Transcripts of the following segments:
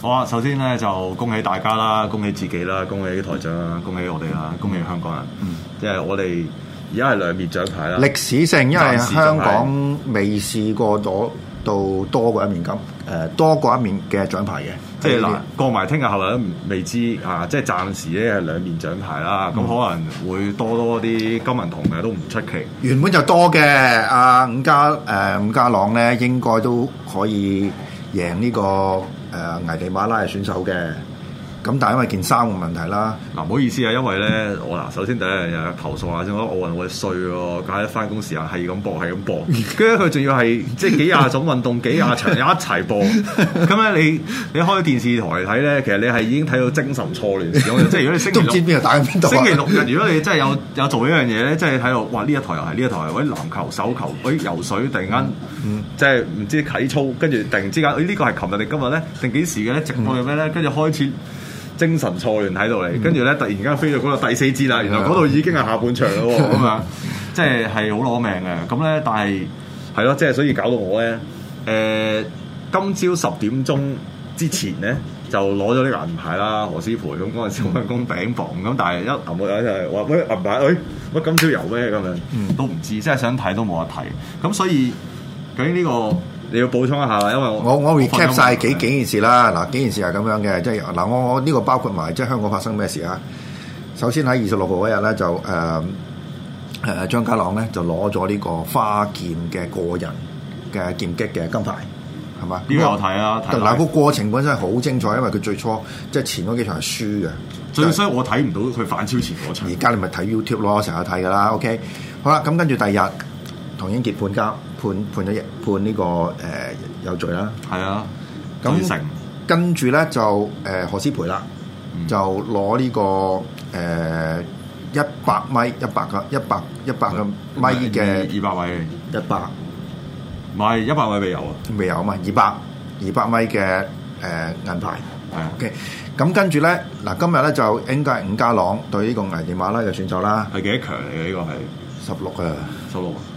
好啊！首先咧就恭喜大家啦，恭喜自己啦，恭喜台長啦，恭喜我哋啦，恭喜香港人。嗯、即係我哋而家係兩面獎牌啦。歷史性，因為、就是、香港未試過攞到多過一面金，誒、呃、多過一面嘅獎牌嘅。即係嗱，過埋聽日後嚟都未知啊！即係暫時咧係兩面獎牌啦，咁、嗯、可能會多多啲金銀銅嘅都唔出奇。原本就多嘅，阿、啊、伍家誒伍、啊、家朗咧應該都可以贏呢、這個。誒，危地馬拉選手嘅。咁但係因為件衫嘅問題啦，嗱唔好意思啊，因為咧我嗱首先第一樣投訴下先，我奧運會碎咯，搞到翻工時間係咁播，係咁播，跟住佢仲要係即係幾廿種運動, 動，幾廿場又一齊播，咁咧 你你開電視台睇咧，其實你係已經睇到精神錯亂咁樣， 即係如果你星期六日打緊邊度？星期六日如果你真係有有做一樣嘢咧，即係睇到，哇呢一台又係呢一台，喂、哎、籃球、手球、喂、哎、游水，突然間即係唔知體操，跟住突然之間呢個係琴日定、哎這個、今日咧定幾時嘅咧直播係咩咧？跟住 開始。精神錯亂喺度嚟，跟住咧突然間飛到嗰度第四支啦，然後嗰度已經係下半場咯，咁、嗯、樣 即係係好攞命嘅。咁咧，但係係咯，即係所以搞到我咧，誒、呃、今朝十點鐘之前咧就攞咗呢個銀牌啦，何詩蓓。咁嗰陣時我喺工房，咁 但係一頭冇人就係話，喂，銀牌，喂、哎、乜今朝遊咩？咁樣、嗯、都唔知，即係想睇都冇得睇。咁所以究竟呢、呢個。你要補充一下啦，因為我我我 recap 曬幾幾件事啦。嗱的，幾件事係咁樣嘅，即係嗱，我我呢、這個包括埋即係香港發生咩事啊？首先喺二十六號嗰日咧就誒誒、呃、張家朗咧就攞咗呢個花劍嘅個人嘅劍擊嘅金牌，係嘛？呢個我睇啦、啊，嗱個過程本身係好精彩，因為佢最初即係前嗰幾場係輸嘅。所以我睇唔到佢反超前嗰場，而家是你咪睇 YouTube 咯，成日睇噶啦。OK，好啦，咁跟住第二日唐英傑判金。判判咗判呢個誒、呃、有罪啦，係啊，咁那成跟住咧就誒、呃、何詩蓓啦，嗯、就攞呢、這個誒一百米一百個一百一百個米嘅二百米，一百唔係一百米，100, 米未有啊，未有啊嘛，二百二百米嘅誒、呃、銀牌，係、啊、OK。咁跟住咧嗱，今日咧就應該係伍家朗對呢個危地馬拉嘅選手啦，係幾多強嚟嘅呢？個係十六啊。這個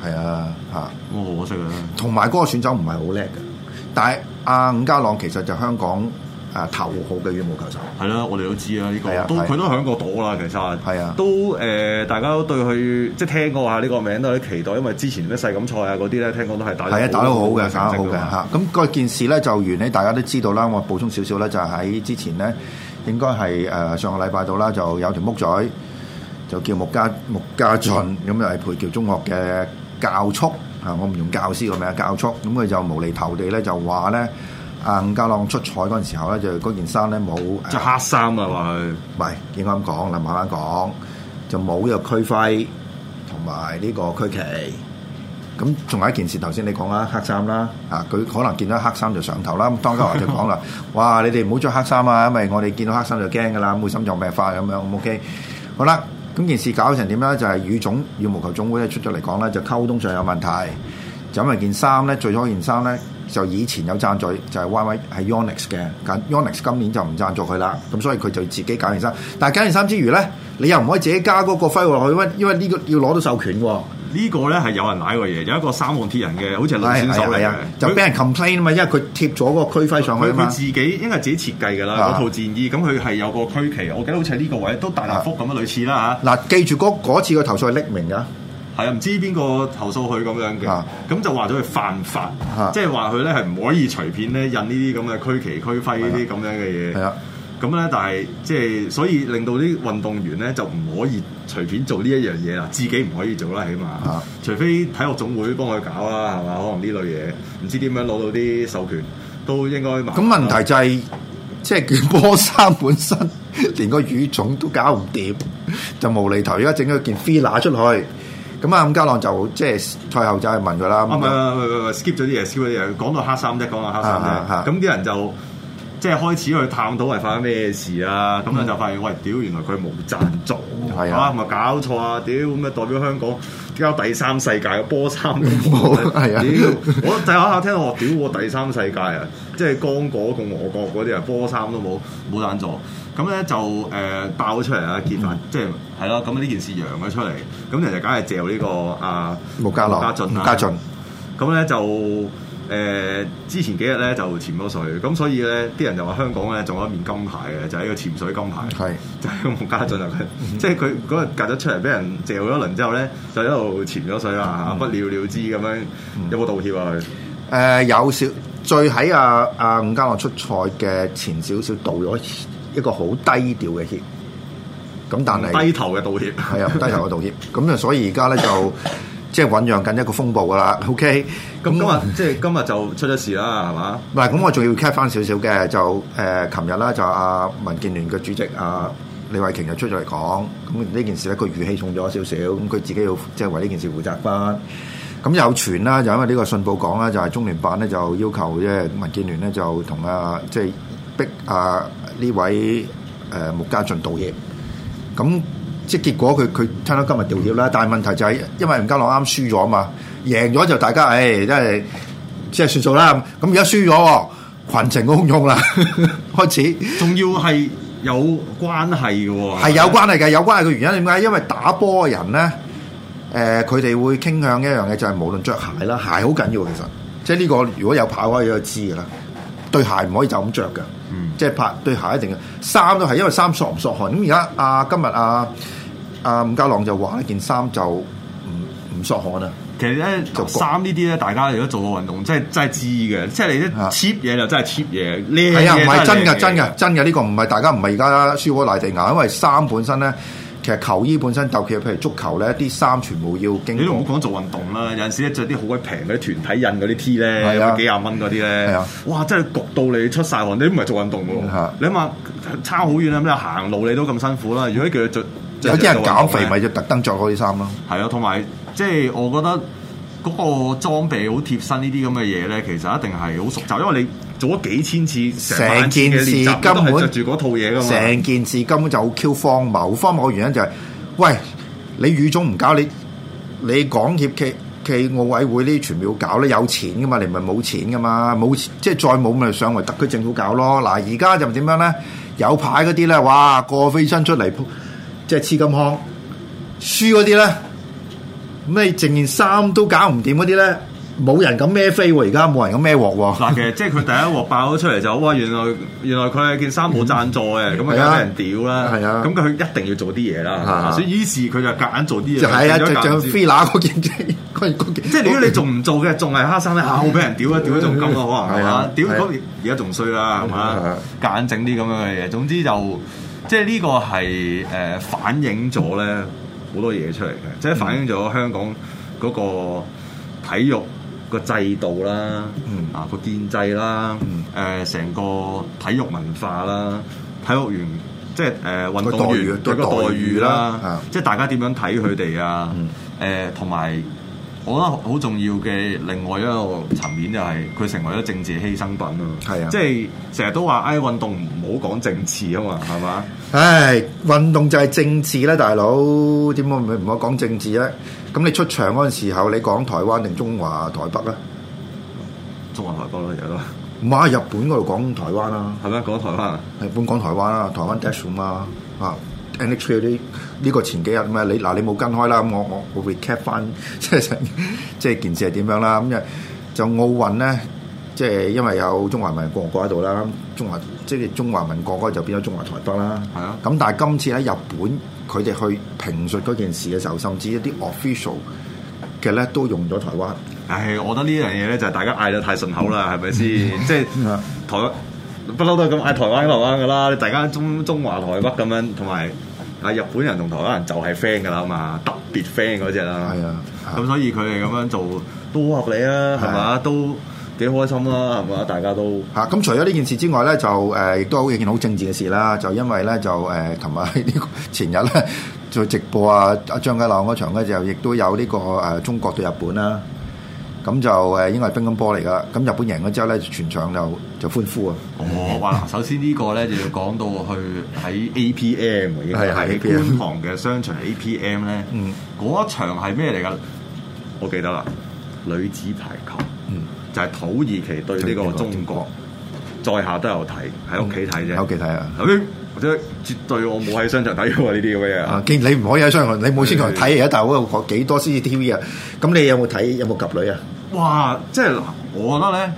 係啊，嚇，好可惜啊。同埋嗰個選手唔係好叻嘅，但係阿伍家朗其實就香港誒頭號嘅羽毛球手，係啦，我哋都知啊。呢個都佢都響過朵啦，其實係啊，都誒，大家都對佢即係聽過下呢個名都有啲期待，因為之前啲世錦賽啊嗰啲咧，聽講都係打係啊，打得好嘅，打得好嘅嚇。咁個件事咧就原咧，大家都知道啦。我補充少少咧，就係喺之前咧，應該係誒上個禮拜度啦，就有條木仔。就叫穆家穆家駿咁又係培僑中學嘅教畜啊！我唔用教師個名啊，教畜咁佢就無厘頭地咧就話咧啊，伍家朗出賽嗰陣時候咧就嗰件衫咧冇着黑衫啊，話佢唔係應該咁講，你慢慢講就冇呢個區徽同埋呢個區旗咁，仲有一件事，頭先你講啦，黑衫啦啊，佢可能見到黑衫就上頭啦。當家我就講啦，哇！你哋唔好著黑衫啊，因為我哋見到黑衫就驚㗎啦，會心臟病發咁樣。O K，好啦。咁件事搞成點咧？就係羽總羽毛球總會咧出咗嚟講咧，就溝通上有問題。就因為件衫咧，最初件衫咧，就以前有贊助就係、是、Y Y 係 Yonex 嘅，咁 Yonex 今年就唔贊助佢啦。咁所以佢就自己搞件衫。但係搞件衫之餘咧，你又唔可以自己加嗰個徽落去，因為呢個要攞到授權喎、啊。呢個咧係有人踩個嘢，有一個三項鐵人嘅，好似係女選手嚟嘅，哎哎。就俾人 complain 啊嘛，因為佢貼咗個區徽上去嘛，佢自己應該係自己設計㗎啦。嗰、啊，套戰衣咁，佢係有個區旗，我記得好似喺呢個位都大大幅咁樣類似啦嚇。嗱、啊、啊，記住嗰次個投訴係匿名㗎。係啊，唔知邊個投訴佢咁樣嘅，咁、啊，就話咗佢犯法，即係話佢咧係唔可以隨便咧印呢啲咁嘅區旗區徽呢啲咁樣嘅嘢。咁咧，但係即係所以令到啲運動員咧就唔可以隨便做呢一樣嘢啦，自己唔可以做啦，起碼，除非體育總會幫佢搞啊，係嘛？可能呢類嘢唔知點樣攞到啲授權，都應該、啊。咁問題就係、是就是，即係件波衫本身連個羽總都搞唔掂，就無厘頭，而家整咗件 FILA 出去，咁啊，伍家朗就即係賽後就係問佢啦。唔係唔係唔係 skip 咗啲嘢，skip 咗啲嘢，講到黑衫啫，講到黑衫，咁啲人就。嗯即係開始去探討係發生咩事啊，咁樣就發現喂，屌原來佢冇贊助，係咪是、啊啊、搞錯啊，屌咁咪代表香港有第三世界嘅波衫都冇，屌我第下聽到我屌我第三世界啊，即係剛果共和國嗰啲、呃嗯這個、啊，波衫都冇冇贊助，咁咧就誒爆出嚟啊，見聞即係係咯，咁呢件事揚咗出嚟，咁人哋梗係借呢個阿伍家朗伍家朗，伍家朗，咁咧就。誒之前幾日咧就潛咗水，咁所以咧啲人就話香港咧仲有一面金牌嘅， 就係、是、一個潛水金牌，係就係吳家俊去，即係佢嗰日隔咗出嚟，俾人嚼咗一輪之後咧，就一路潛咗水啊，不了了之咁樣，有冇道歉啊？佢誒、呃、有少，最喺啊，啊，伍家朗出賽嘅前少少道咗一個好低調嘅歉，咁但係低頭嘅道歉係啊，低頭嘅道歉，咁 啊，所以而家咧就。 即係醖釀緊一個風暴噶啦，OK、嗯。咁今日即係今日就出咗事啦，係嘛？嗱，咁我仲要 cap 翻少少嘅，就誒琴、呃、日啦，就阿、啊、民建聯嘅主席阿、啊、李慧瓊又出咗嚟講，咁、嗯、呢件事咧佢語氣重咗少少，咁、嗯、佢自己要即係為呢件事負責翻。咁、嗯嗯、有傳啦，就因為呢個信報講啦，就係、是、中聯辦咧就要求即係民建聯咧就同阿、啊、即係逼阿、啊、呢位誒穆、啊、家俊道歉。咁、嗯嗯即係結果，佢佢聽到今日調協啦。但係問題就係，因為伍家朗啱輸咗啊嘛，贏咗就大家誒，即係即係算數啦。咁而家輸咗，群情洶湧啦，開始。仲要係有關係嘅，係有關係嘅。有關係嘅原因點解？因為打波嘅人咧，誒，佢哋會傾向一樣嘢，就係無論着鞋啦，鞋好緊要其實。即係呢個如果有跑嘅，你就知嘅啦。對鞋唔可以就咁着嘅，即係拍對鞋一定嘅。衫都係因為衫索唔索汗。咁而家阿今日阿。阿伍家朗就話呢件衫就唔唔索汗啊！其實咧，衫呢啲咧，大家如果做過運動，真真的即係真係知嘅，即係你啲 cheap 嘢就真係 cheap 嘢。呢係啊，唔係真嘅，真嘅，真嘅呢個唔係大家唔係而家舒火泥地牙，因為衫本身咧，其實球衣本身，尤其是譬如足球咧，啲衫全部要經。你都唔好講做運動啦，有陣時咧着啲好鬼平嗰啲團體印嗰啲 T 咧，的幾廿蚊嗰啲咧，哇，真係焗到你出晒汗，你唔係做運動嘅的的，你諗下，差好遠啊！咁樣行路你都咁辛苦啦，如果叫佢着。有啲人搞肥咪、嗯、就特登着嗰啲衫咯。係咯、啊，同埋即係我覺得嗰個裝備好貼身呢啲咁嘅嘢咧，其實一定係好熟習，因為你做咗幾千次成件事，根本著住嗰套嘢噶嘛。成件事根本就好 Q 荒謬，荒謬嘅原因就係、是：喂，你語種唔搞，你你港協、企企奧委會呢啲全部要搞咧，有錢噶嘛？你唔係冇錢噶嘛？冇即係再冇咪上嚟特區政府搞咯。嗱，而家就點樣咧？有牌嗰啲咧，哇，個飛身出嚟！即係黐金腔，輸嗰啲咧，咩整件衫都搞唔掂嗰啲咧，冇人咁孭飛喎，而家冇人咁孭鑊喎。嗱，其實即係佢第一鑊爆咗出嚟就，哇！原來原來佢係件衫冇贊助嘅，咁啊俾人屌啦。係啊，咁佢一定要做啲嘢啦。所以於是佢就夾硬做啲嘢。就係啊，就像飛那嗰件嘢，嗰件。即係如果你仲唔做嘅，仲係黑衫咧，又俾人屌啦，屌得仲咁嘅可能，係嘛？屌！而家仲衰啦，係嘛？夾硬整啲咁樣嘅嘢，總之就。即係呢個係誒、呃、反映咗咧好多嘢出嚟嘅，即係反映咗香港嗰個體育個制度啦，啊個建制啦，誒、嗯、成、嗯嗯、個體育文化啦，體育員即係誒、呃、運動員嘅待，待，待遇啦，即係大家點樣睇佢哋啊？誒同埋我覺得好重要嘅另外一個層面就係佢成為咗政治犧牲品啊！係啊的，即係成日都話誒、哎、運動唔好講政治啊嘛，係嘛？唉，運動就係政治啦，大佬點解唔可講政治咧？咁你出場嗰陣時候，你講台灣定中,中華台北咧？中華台北咯，而家都唔係日本嗰度講台灣啦、啊，係咩？講台灣、啊？日本講台灣啦、啊，台灣 Dash 嘛啊，NHK 啲呢個前幾日咩？你嗱、啊、你冇跟開啦，我我我 recap 翻即係即係件事係點樣啦？咁 就就奧運咧。即係因為有中華民國國喺度啦，中華即係、就是、中華民國咧就變咗中華台北啦。係是啊。咁但係今次喺日本，佢哋去評述嗰件事嘅時候，甚至一啲 official 嘅咧都用咗台灣。唉，我覺得呢樣嘢咧就係大家嗌得太順口啦，係咪先？即係台灣不嬲都係咁嗌台灣台灣噶啦，大家中中華台北咁樣，同埋啊日本人同台灣人就係 friend 噶啦嘛，特別 friend 嗰隻啦。係啊。咁所以佢哋咁樣做都好合理啊，係嘛都。幾開心啦，係嘛？大家都嚇咁、啊、除咗呢件事之外咧，就誒亦、呃、都係一件好政治嘅事啦。就因為咧，就誒同埋呢前日咧做直播啊，阿張家朗嗰場咧就亦都有呢、這個誒、呃、中國對日本啦、啊。咁就誒應該係乒乓波嚟噶。咁日本贏咗之後咧，全場就就歡呼啊！哦，哇！首先個呢個咧就要講到去喺 APM，應該喺觀塘嘅商場 APM 咧， 嗯，嗰場係咩嚟噶？我記得啦，女子排球，嗯。係土耳其對呢個中國，在下都有睇，喺屋企睇啫，喺屋企睇啊！咁即係絕對我冇喺商場睇過呢啲咁嘅嘢啊！既然你唔可以喺商場，你冇商場睇，而家大嗰個幾多 CCTV 啊？咁你有冇睇，有冇及女啊哇？哇！即係我覺得咧，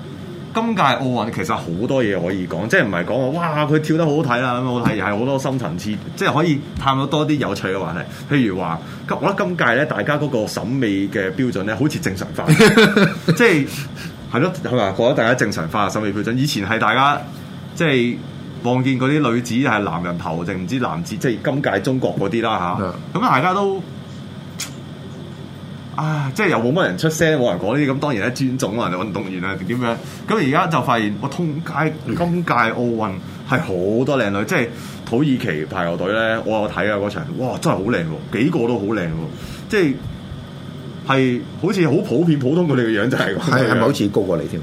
今屆奧運其實好多嘢可以講，即係唔係講我哇佢跳得好好睇啦咁好睇，係好多深層次，即係可以探討多啲有趣嘅話題。譬如話，我覺得今屆咧，大家嗰個審美嘅標準咧，好似正常化， 即係。係咯，我覺得大家正常化審美標準，以前係大家即係望見嗰啲女子係男人頭，定唔知男子，即係今屆中國嗰啲啦吓，咁是的 啊，大家都啊，即係又冇乜人出聲，冇人講啲咁。當然咧，尊重啊，人哋運動員啊點樣。咁而家就發現，我通街今屆奧運係好多靚女，即係土耳其排球隊咧，我有睇啊嗰場，哇！真係好靚喎，幾個都好靚喎，即係。係好似好普遍普通佢哋嘅樣就係，係係咪好似高過你添？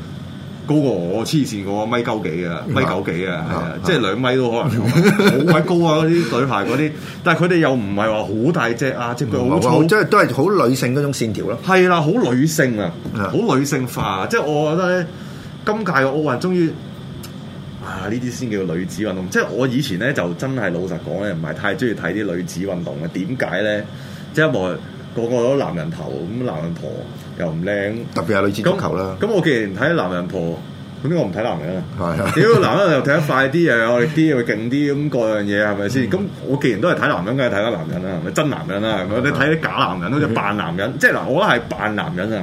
高過我黐線，我米九幾、嗯、啊，米九幾、嗯、啊，的嗯、啊即係兩米都可能，好鬼、嗯、高啊！嗰啲女排嗰啲，但係佢哋又唔係話好大隻、嗯、啊，隻腳好粗，即係都係好女性嗰種線條咯。係啦，好女性、嗯、啊，好女性化。嗯啊、即係我覺得咧，今屆嘅奧運終於啊，呢啲先叫女子運動。即係我以前咧就真係老實講咧，唔係太中意睇啲女子運動嘅。點解咧？即係我。個個都男人頭咁，男人婆又唔靚，特別係女子足球啦。咁我既然睇男人婆，咁呢我唔睇男人啦。係屌是、啊、男人又睇得快啲， 又有力啲又勁啲，咁各樣嘢係咪先？咁、嗯、我既然都係睇男人，梗係睇下男人啦，係咪真男人啦？係咪、嗯、你睇啲假男人，好似扮男人，即係嗱，我覺得係扮男人啊，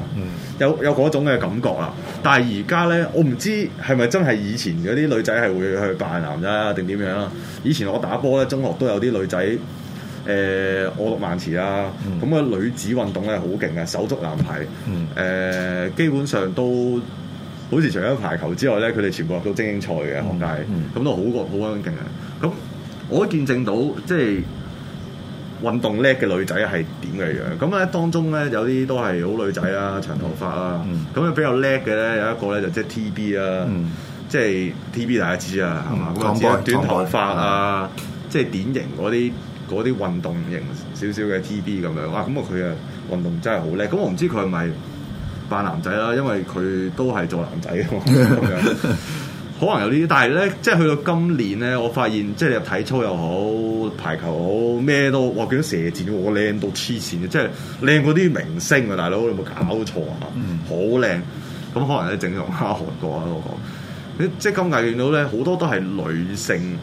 有有嗰種嘅感覺啊。但係而家咧，我唔知係咪真係以前嗰啲女仔係會去扮男仔，定點樣啊？以前我打波咧，中學都有啲女仔。誒，我陸曼慈啦，咁嘅女子運動咧好勁嘅，手足籃排。誒，基本上都好似除咗排球之外咧，佢哋全部入到精英賽嘅，行街、mm.，咁都好過好安勁啊。咁我見證到即係運動叻嘅女仔係點嘅樣？咁咧當中咧有啲都係好女仔啊，長頭髮啊，咁啊比較叻嘅咧有一個咧就即、是、係 T B 啊，即係、mm. T B 大家知啊，係嘛？啊短頭髮啊，即係典型嗰啲。嗰啲運動型少少嘅 T.B. 咁樣啊，咁啊佢啊運動真係好叻，咁我唔知佢係咪扮男仔啦，因為佢都係做男仔，哈哈 可能有呢啲。但係咧，即係去到今年咧，我發現即係體操又好，排球好，咩都哇見到射箭我靚到黐線嘅，即係靚過啲明星啊大佬，你有冇搞錯啊？好靚，咁 可能咧整容下韓國啊，我講，即係今屆見到咧好多都係女性。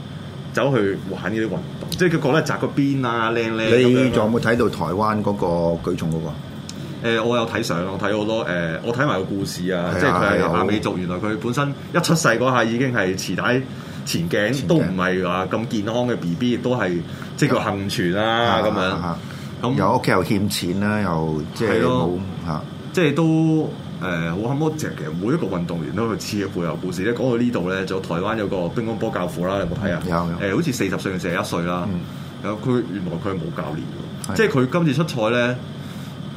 走去玩呢啲運動，即係佢覺得窄個邊啊，靚靚咁。你仲有冇睇到台灣嗰個舉重嗰個？我有睇相，我睇好多誒，我睇埋個故事啊，即係佢係阿美族，原來佢本身一出世嗰下已經係臍帶纏頸都唔係話咁健康嘅 B B，亦都係即係叫幸存啊咁樣。咁又屋企又欠錢啦，又即係冇嚇，即係都。誒好坎坷隻，其實每一個運動員都係黐嘅背後故事咧。講到呢度咧，就台灣有個乒乓波教父啦，你有冇睇啊？有，呃、好似四十歲定四十一歲啦。有佢、嗯、原來佢冇教練，嗯、即係佢今次出賽咧，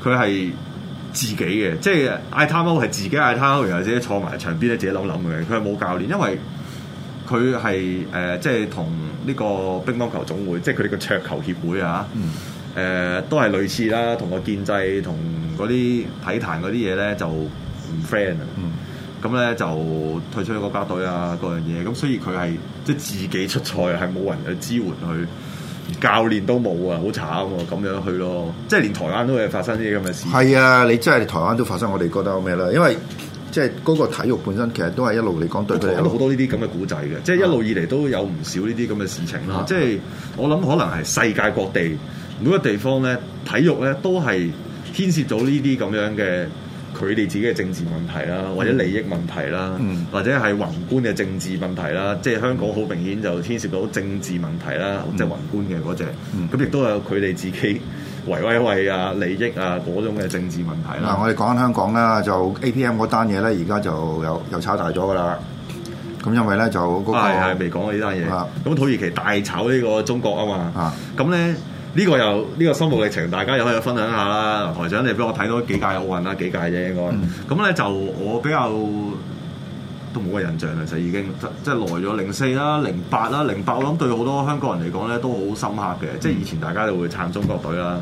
佢係自己嘅，的即係挨攤 out 係自己挨攤 out，然後自己坐埋場邊咧，自己諗諗嘅。佢係冇教練，因為佢係誒即係同呢個乒乓球總會，即係佢哋個桌球協會啊。嗯.誒、呃、都係類似啦，同個建制同嗰啲體壇嗰啲嘢咧，就唔 friend、嗯嗯、就啊。嗯，咁咧就退出一個八隊啊，各樣嘢咁，所以佢係即係自己出賽，係冇人去支援佢，教練都冇啊，好慘咁、哦、樣去咯。即係連台灣都會發生啲咁嘅事。係啊，你真係台灣都發生，我哋覺得有咩啦？因為即係嗰個體育本身其實都係一路嚟講對對有好多呢啲咁嘅古仔嘅，即係一路以嚟都有唔少呢啲咁嘅事情啦。 即係我諗可能係世界各地。每個地方咧，體育咧都係牽涉到呢啲咁樣嘅佢哋自己嘅政治問題啦，或者利益問題啦，或者係宏觀嘅政治問題啦。即係香港好明顯就牽涉到政治問題啦，嗯、即係宏觀嘅嗰隻。咁亦、嗯、都有佢哋自己為為為啊利益啊嗰種嘅政治問題啦、啊。我哋講緊香港啦，就 A P M 嗰單嘢咧，而家就又又炒大咗噶啦。咁因為咧就嗰、嗰個未講過啊，呢單嘢。咁、啊、土耳其大炒呢個中國啊嘛。咁咧、啊。啊呢個又呢、呢個心路歷程，大家又可以分享下啦。台長你俾我睇到幾屆奧運啦，幾屆啫應該。咁咧、嗯、就我比較都冇乜印象，其實就已經即即係來咗零四啦、零八啦、零八。我諗對好多香港人嚟講咧都好深刻嘅，嗯、即係以前大家都會撐中國隊啦。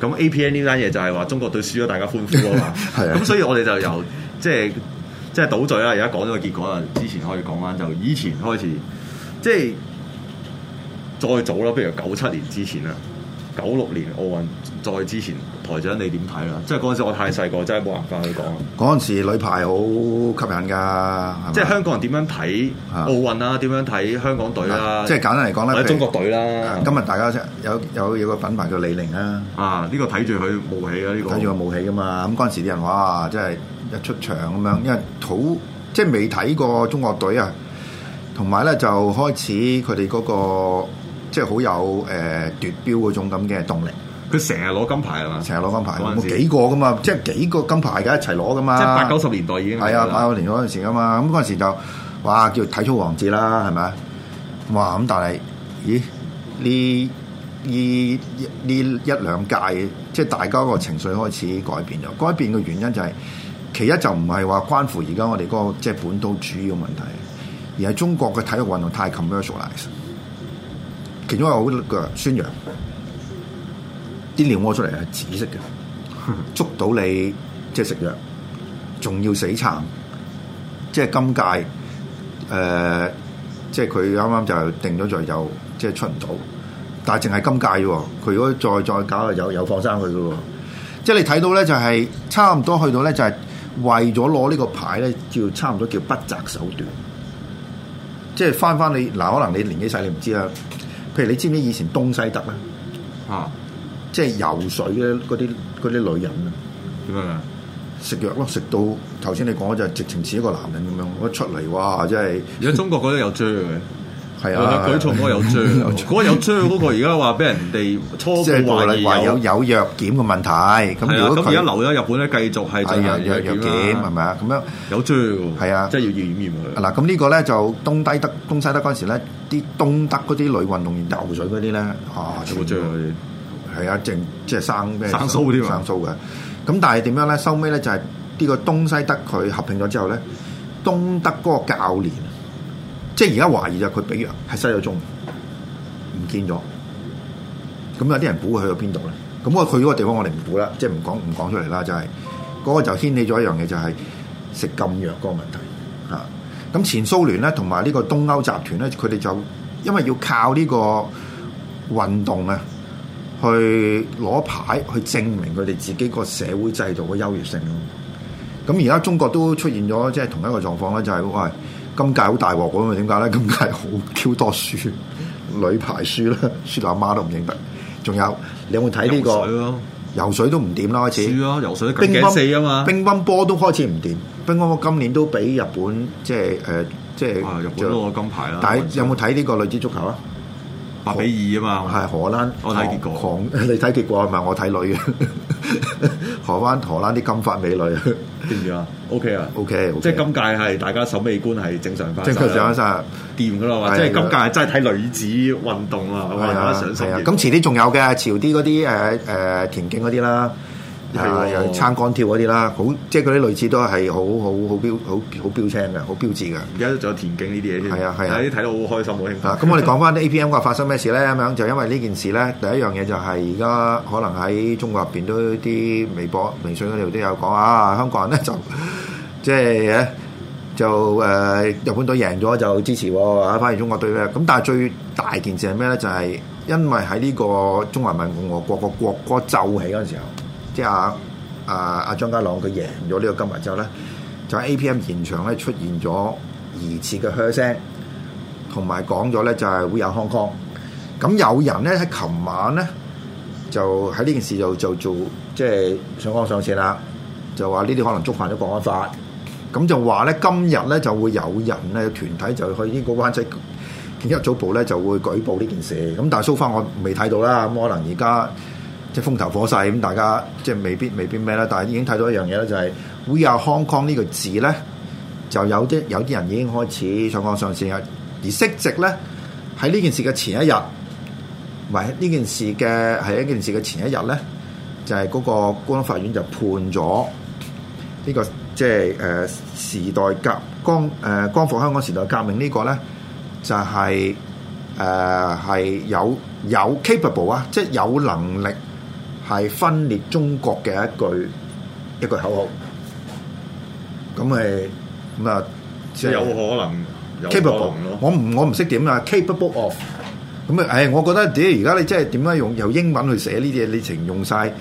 咁 APN 呢單嘢就係話中國隊輸咗，大家歡呼啊嘛。咁 是的 所以我哋就由即係即係倒敍啦。而家講咗個結果啊，之前可以講翻就以前開始，即係再早啦，譬如九七年前之前啦。九六年奧運再之前，台長你點睇啊？即係嗰陣時我太細個，真係冇辦法去講。嗰陣時女排好吸引㗎，即係香港人點樣睇奧運啊？點的樣睇香港隊啦、啊嗯？即係簡單嚟講咧，中國隊啦。如的今日大家有有有個品牌叫李寧啦。啊，呢個睇住佢武器啊，呢的個睇住佢武器㗎嘛。咁嗰陣時啲人哇，即係一出場咁樣，因為好即係未睇過中國隊啊，同埋咧就開始佢哋嗰個。即係好有誒、呃、奪標嗰種咁嘅動力，佢成日攞金牌啊嘛，成日攞金牌，冇時幾個噶嘛，即係幾個金牌家一齊攞噶嘛，即係八九十年代已經係啊，八九年嗰陣時啊嘛，咁嗰陣時就哇叫體操王子啦，係咪啊？哇！咁但係，咦？呢呢呢一兩屆，即係大家個情緒開始改變咗。改變嘅原因就係、是、其一就唔係話關乎而家我哋嗰、嗰個即係本土主要問題，而係中國嘅體育運動太 commercialised 其中有一個孫楊啲尿屙出嚟係紫色嘅，捉到你即係食藥，仲要死撐。即係今屆誒，即係佢啱啱就定咗在，又即係出唔到，但係淨係今屆喎。佢如果再再搞，又有，有放生佢㗎喎。即係你睇到咧，就係差唔多去到咧，就係為咗攞呢個牌咧，叫差唔多叫不擇手段。即係翻翻你嗱，可能你年紀細，你唔知啦。譬如你知唔知以前東西德咧？啊，即係游水咧嗰啲啲女人啊，點啊？食藥咯，食到頭先你講嗰就係直情似一個男人咁樣，一出嚟哇，即係！而家中國覺得有追嘅，係啊，舉重摸有追。嗰有追嗰個而家話俾人哋初步懷疑有有藥檢嘅問題。係啊，咁而家留喺日本咧，繼續係就藥藥藥檢係咪啊？咁樣有追喎，係啊，即係要驗驗。嗱咁呢個咧就東西德，東西德嗰陣時咧。啲東德嗰啲女運動員游水嗰啲咧，啊有有全部係啊，正，即係生咩生鬚添生鬚嘅。咁但係點樣咧？收尾咧就係呢個東西德佢合併咗之後咧，東德嗰個教練，即係而家懷疑就佢俾藥係西德中，唔見咗。咁有啲人估佢去到邊度咧？咁我去咗個地方，我哋唔估啦，即係唔講唔講出嚟啦。就係、係、嗰、就係、個就掀起咗一樣嘢，就係食禁藥嗰個問題吓咁前蘇聯咧，同埋呢個東歐集團咧，佢哋就因為要靠呢個運動啊，去攞牌，去證明佢哋自己個社會制度嘅優越性。咁而家中國都出現咗即係同一個狀況啦，就係、是、喂今屆好大鍋咁啊？點解咧？今屆好 Q 多輸，女排輸啦，輸到阿媽，媽都唔認得。仲有你有冇睇呢個游水咯、啊？游水都唔掂啦，開始。水、啊、游水。乒乓啊嘛，乒乓波都開始唔掂。兵哥，我今年都俾日本即係誒，即係啊，日本攞金牌啦！但係有冇睇呢個女子足球啊？八比二啊嘛，係荷蘭，我睇結果。荷你睇結果係咪我睇女？荷蘭荷蘭啲金髮美女，知唔知啊？OK 啊？OK，即係今屆係大家審美觀係正常化，正常化曬掂噶啦嘛！即係今屆係真係睇女子運動啊！大家賞心。咁遲啲仲有嘅，潮啲嗰啲誒誒田徑嗰啲啦。係啊，撐桿跳嗰啲啦，好即係嗰啲類似都係好好好標好好標青嘅，好標誌嘅。而家仲有田徑呢啲嘢添，啲睇、啊啊、得好開心，好興奮。咁、啊、我哋講翻啲 A P M 話發生咩事咧？咁樣就因為呢件事咧，第一樣嘢就係而家可能喺中國入邊都啲微博、微信嗰度都有講啊，香港人咧就即係咧就誒、就係啊、日本隊贏咗就支持喎，啊反而中國隊咩？咁但係最大件事係咩咧？就係、係、因為喺呢個中華民共和國個國歌奏起嗰陣時候。即係阿阿阿張家朗佢贏咗呢個金日之後咧，就喺 APM 現場咧出現咗疑似嘅噓聲，同埋講咗咧就係會有康康。咁有人咧喺琴晚咧就喺呢件事就就做即係上綱上線啦，就話呢啲可能觸犯咗《國安法》。咁就話咧今日咧就會有人咧團體就去英國呢個灣仔警察總部咧就會舉報呢件事。咁但係 so far 我未睇到啦，咁可能而家。即係風頭火勢咁，大家即係未必未必咩啦。但係已經睇到一樣嘢咧，就係、是、We Are Hong Kong 呢個字咧，就有啲有啲人已經開始上綱上線啦。而息值咧喺呢件事嘅前一日，唔係呢件事嘅係一件事嘅前一日咧，就係、是、嗰個高等法院就判咗呢、這個即係誒、呃、時代革光誒、呃、光復香港時代革命個呢個咧，就係誒係有有 capable 啊，即係有能力，係分裂中國嘅一句一個口號，咁誒咁啊，有可能，capable 咯，我唔我唔識點啊，capable of，咁誒、就是，誒、哎，我覺得啲而家你即係點樣用由英文去寫呢啲嘢，你情用晒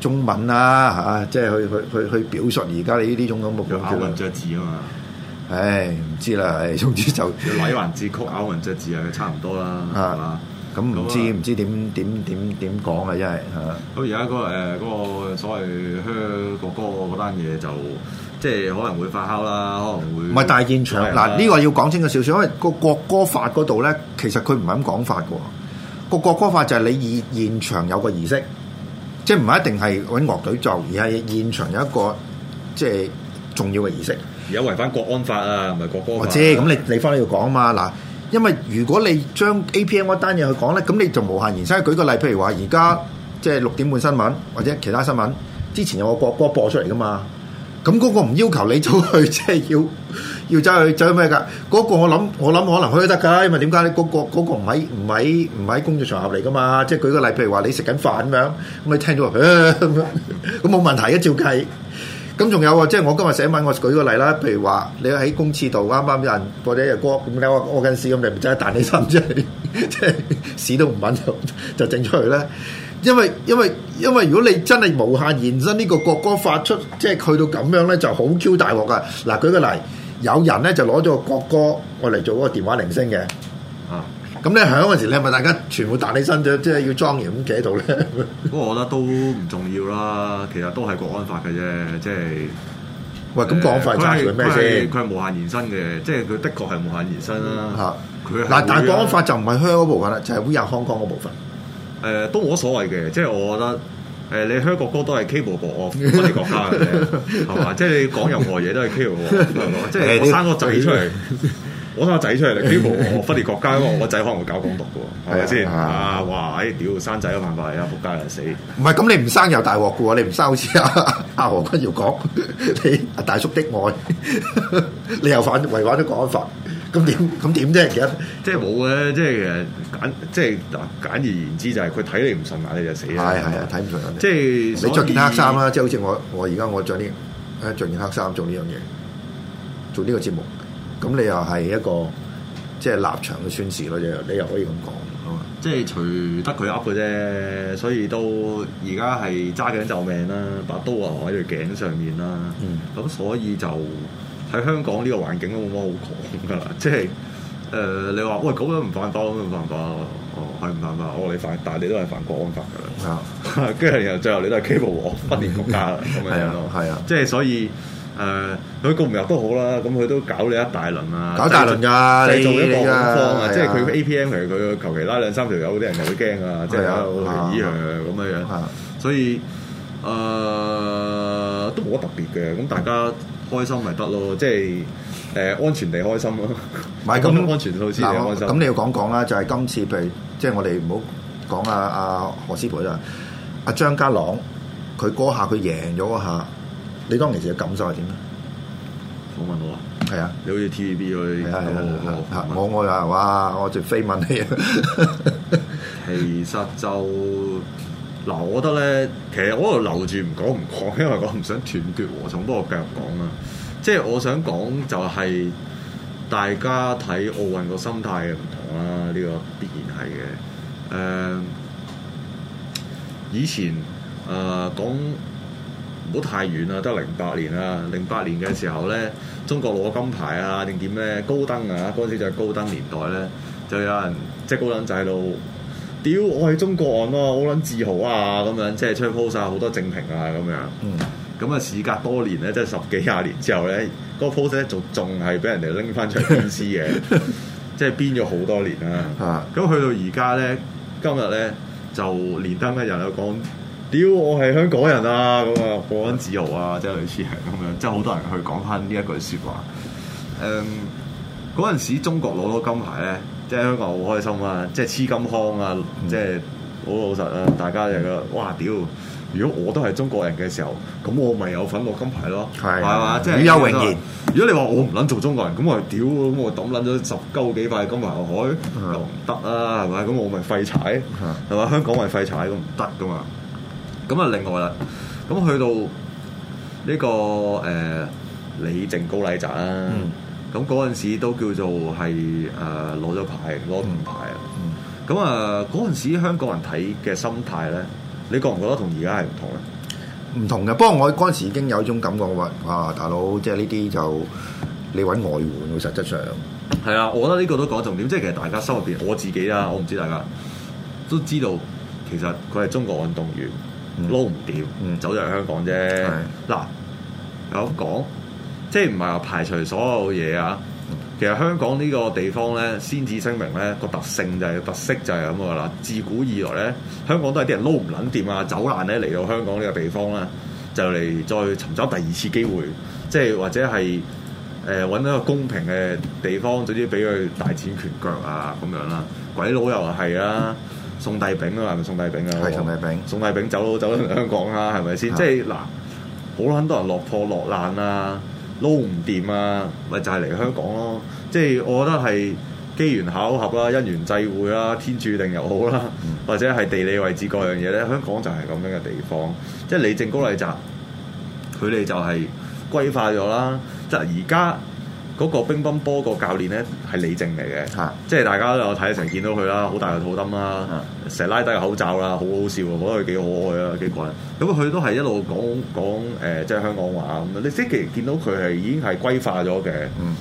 中文啦嚇，即、啊、係、就是、去去去去表述而家你呢種咁嘅咬文嚼字啊嘛，唉、哎，唔知啦，誒總之就詆譭字曲，咬文嚼字啊，差唔多啦，係嘛？咁唔知唔知點點點點講啊！真係嚇。咁而家嗰個誒嗰個所謂哼國歌嗰單嘢就即係可能會發酵啦，可能會唔係大現場嗱，呢個要講清楚少少，因為個國歌法嗰度咧，其實佢唔係咁講法嘅喎。個國歌法就係你以現場有個儀式，即係唔係一定係揾樂隊做，而係現場有一個即係重要嘅儀式。而家違反國安法啊，唔係國歌法。我知，咁你你翻呢度講啊嘛嗱。因為如果你將 A P M 嗰單嘢去講咧，咁你就無限延伸。舉個例，譬如話而家即係六點半新聞或者其他新聞，之前有個播播播出嚟㗎嘛。咁嗰個唔要求你走去即係要要走去走咩㗎？嗰個我諗我諗可能可以去得㗎，因為點解咧？嗰個唔喺唔喺唔喺工作場合嚟㗎嘛？即係舉個例，譬如話你食緊飯咁樣，咁你聽到啊咁樣，冇問題啊，照計。咁仲有啊，即係我今日寫文，我舉個例啦。譬如話，你喺公廁度啱啱有人播咗一首歌咁，你話我屙緊屎咁，你唔真係彈起身出嚟即係屎都唔揾就整出去咧。因為因為因為如果你真係無限延伸呢個國歌發出，即係去到咁樣咧，就好 Q 大鑊噶。嗱，舉個例，有人咧就攞咗個國歌我嚟做嗰個電話鈴聲嘅。啊！咁你響嗰時，你係咪大家全部彈起身咗，即係要莊嚴咁企喺度咧？不過我覺得都唔重要啦，其實都係國安法嘅啫，即係喂，咁港法查佢咩？佢係無限延伸嘅，即係佢的確係無限延伸啦。嚇！佢，嗱，但係港法就唔係香港部分啦，就係烏日康江嗰部分。誒都冇所謂嘅，即係我覺得誒，你香港歌都係 Kable 國，我哋國家嘅，係嘛？即係你講任何嘢都係 Kable，即係生個仔出嚟。攞個仔出嚟，幾乎我分裂國家，我個仔可能會搞港獨嘅喎，係咪先？啊，哇！屌，生仔嘅辦法係啊，國家人死。唔係，咁你唔生又大鑊嘅喎，你唔生好似阿阿何君堯講， 你阿大叔的愛， 你又反違反咗國安法，咁點咁點啫？其實、啊啊啊、即係冇嘅，即係誒簡即係嗱，簡而言之就係佢睇你唔順眼，你就死啦。係係啊，睇唔順眼，即係你着件黑衫啦，即係好似我我而家我着啲誒著件黑衫做呢樣嘢，做呢個節目。咁你又係一個即係立場嘅宣示咯，就你又可以咁講啊嘛。即係除得佢噏嘅啫，所以都而家係揸緊救命啦，把刀啊喺條頸上面啦。咁所以就喺香港呢個環境都冇乜好講噶啦。即係誒，你話喂，咁樣唔犯法，唔犯法哦，係唔犯法。我你犯，但係你都係犯國安法噶啦。係跟住然後最後你都係欺暴分裂國家啦。係啊，啊，即係所以。誒佢告唔入都好啦，咁佢都搞你一大輪啊！搞大輪㗎，你做一個恐慌啊！即係佢 A P M 其實佢求其拉兩三條友嗰啲人又會驚啊！即係啊，依樣咁嘅樣，所以誒都冇乜特別嘅，咁大家開心咪得咯，即係誒安全地開心咯。唔係咁安全措施又開心。咁你要講講啦，就係今次譬如即係我哋唔好講啊啊何詩蓓啊，阿張家朗佢嗰下佢贏咗下，你當其時嘅感受係點啊？訪問我啊，係啊，你好似 TVB 去訪問我，嚇我、啊、我又哇，我最飛問你。 其實就嗱，我覺得咧，其實我度留住唔講唔講，因為我唔想斷斷和重不過繼續講、 就是、啊。即係我想講就係大家睇奧運個心態嘅唔同啦，呢個必然係嘅。誒、呃，以前誒、呃、講。唔好太遠啦，得零八年啊，零八年嘅時候咧，中國攞金牌啊，定點咩高登啊？嗰陣時就係高登年代咧，就有人即係、就是、高登仔都屌我係中國人咯、啊，好撚自豪啊咁樣，即係出 post 曬好多正評啊咁樣。嗯。咁啊，事隔多年咧，即係十幾廿年之後咧，嗰、那個 post 咧仲仲係俾人哋拎翻出嚟鞭屍嘅， 即係鞭咗好多年啦。啊。咁、啊、去到而家咧，今日咧就連登咧人有講。屌，我係香港人啊！咁啊，保安自豪啊，即係類似係咁樣，即係好多人去講翻呢一句説話。誒、嗯，嗰陣時中國攞到金牌咧，即係香港好開心啊！即係黐金腔啊，嗯、即係好老實啊！大家就個、是、哇屌！如果我都係中國人嘅時候，咁我咪有份攞金牌咯，係嘛、啊？即係與有榮焉。如果你話我唔撚做中國人，咁我、就是、屌咁我抌撚咗十高幾塊金牌落海，又唔得啊，係咪、啊？咁我咪廢柴，係嘛吧雷？香港咪廢柴都、啊，咁唔得㗎嘛？咁啊，另外啦，咁去到呢、這個誒、呃、李靜高禮澤啦，咁嗰陣時都叫做係誒攞咗牌，攞銅牌啊。咁、嗯、啊，嗰陣、嗯、時香港人睇嘅心態咧，你覺唔覺得同而家係唔同咧？唔同嘅，不過我嗰陣時已經有一種感覺話，哇，大佬，即係呢啲就你揾外援。實質上係啊，我覺得呢個都講重點。即係其實大家心入邊，我自己啊，我唔知大家都知道，其實佢係中國運動員。撈唔掂，走入、嗯、香港啫。嗱的，有講，即係唔係話排除所有嘢啊？其實香港呢個地方咧，先至聲明咧個特性就係、是、特色就係咁啊！嗱，自古以來咧，香港都係啲人撈唔撚掂啊，走爛咧嚟到香港呢個地方咧，就嚟再尋找第二次機會，即係或者係誒搵到一個公平嘅地方，總之俾佢大展拳腳啊咁樣啦。鬼佬又係啊！嗯宋帝炳咯，係咪宋帝炳啊？係宋帝炳，宋帝炳走佬走嚟香港啦，係咪先？的即係嗱，好很多人落魄落難啊，撈唔掂啊，咪就係、是、嚟香港咯。嗯、即係我覺得係機緣巧合啦、啊，因緣際會啦、啊，天注定又好啦、啊，嗯、或者係地理位置各樣嘢咧，香港就係咁樣嘅地方。即係李政高麗站，佢哋就係規劃咗啦。即係而家。嗰個乒乓波個教練咧係李靜嚟嘅，啊、即係大家有睇成日見到佢啦，好大個肚墩啦，成日、啊、拉低個口罩啦，好好笑，覺得佢幾可愛啦，幾個人。咁佢、嗯、都係一路講講誒、呃，即係香港話咁。你星期其見到佢係已經係歸化咗嘅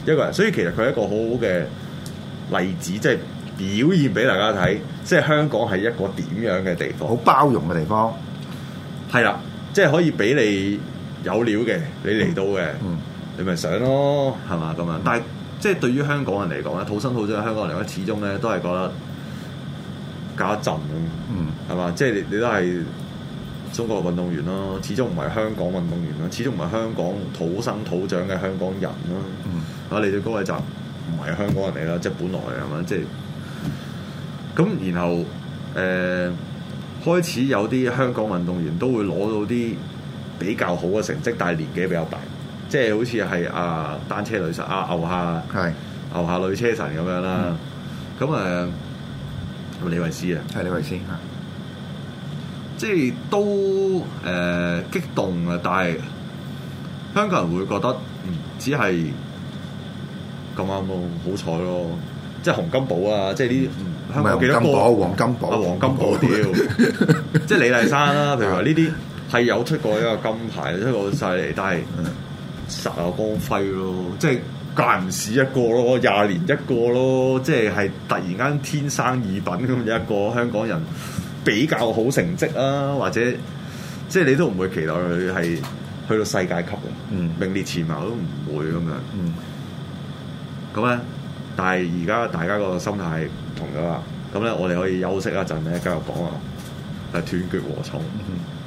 一個人，嗯、所以其實佢係一個好好嘅例子，即、就、係、是、表現俾大家睇，即係香港係一個點樣嘅地方，好包容嘅地方，係啦，即、就、係、是、可以俾你有料嘅，你嚟到嘅。嗯嗯你咪想咯，係嘛咁啊？但係即係對於香港人嚟講咧，土生土長嘅香港人嚟講、嗯，始終咧都係覺得搞一陣咁。嗯，係嘛？即係你你都係中國嘅運動員啦，始終唔係香港運動員啦，始終唔係香港土生土長嘅香港人啦。嗯，啊，嚟到高位集，唔係香港人嚟啦，即係本來係嘛？即係咁，然後誒、呃，開始有啲香港運動員都會攞到啲比較好嘅成績，但係年紀比較大。即係好似係啊單車女神啊牛下，牛下是女車神咁樣啦。咁誒、嗯嗯，李慧詩啊，係李慧詩嚇。即係都誒、呃、激動啊！但係香港人會覺得，嗯，只係咁啱咯，好彩咯。即係洪金寶啊！即係呢啲香港有幾多金寶、黃金寶、啊、黃金寶屌。 即係李麗珊啦、啊，譬如話呢啲係有出過一個金牌，出過好犀利，但係。嗯撒光輝咯，即係隔唔時一個咯，廿年一個咯，即係係突然間天生異品咁一個、嗯、香港人比較好成績啊，或者即係你都唔會期待佢係去到世界級嘅，嗯，名列前茅都唔會咁樣，嗯，咁咧、嗯，但係而家大家個心態係唔同咗啦，咁、嗯、咧我哋可以休息一陣咧，繼續講啊，係、就是、斷絕活重。嗯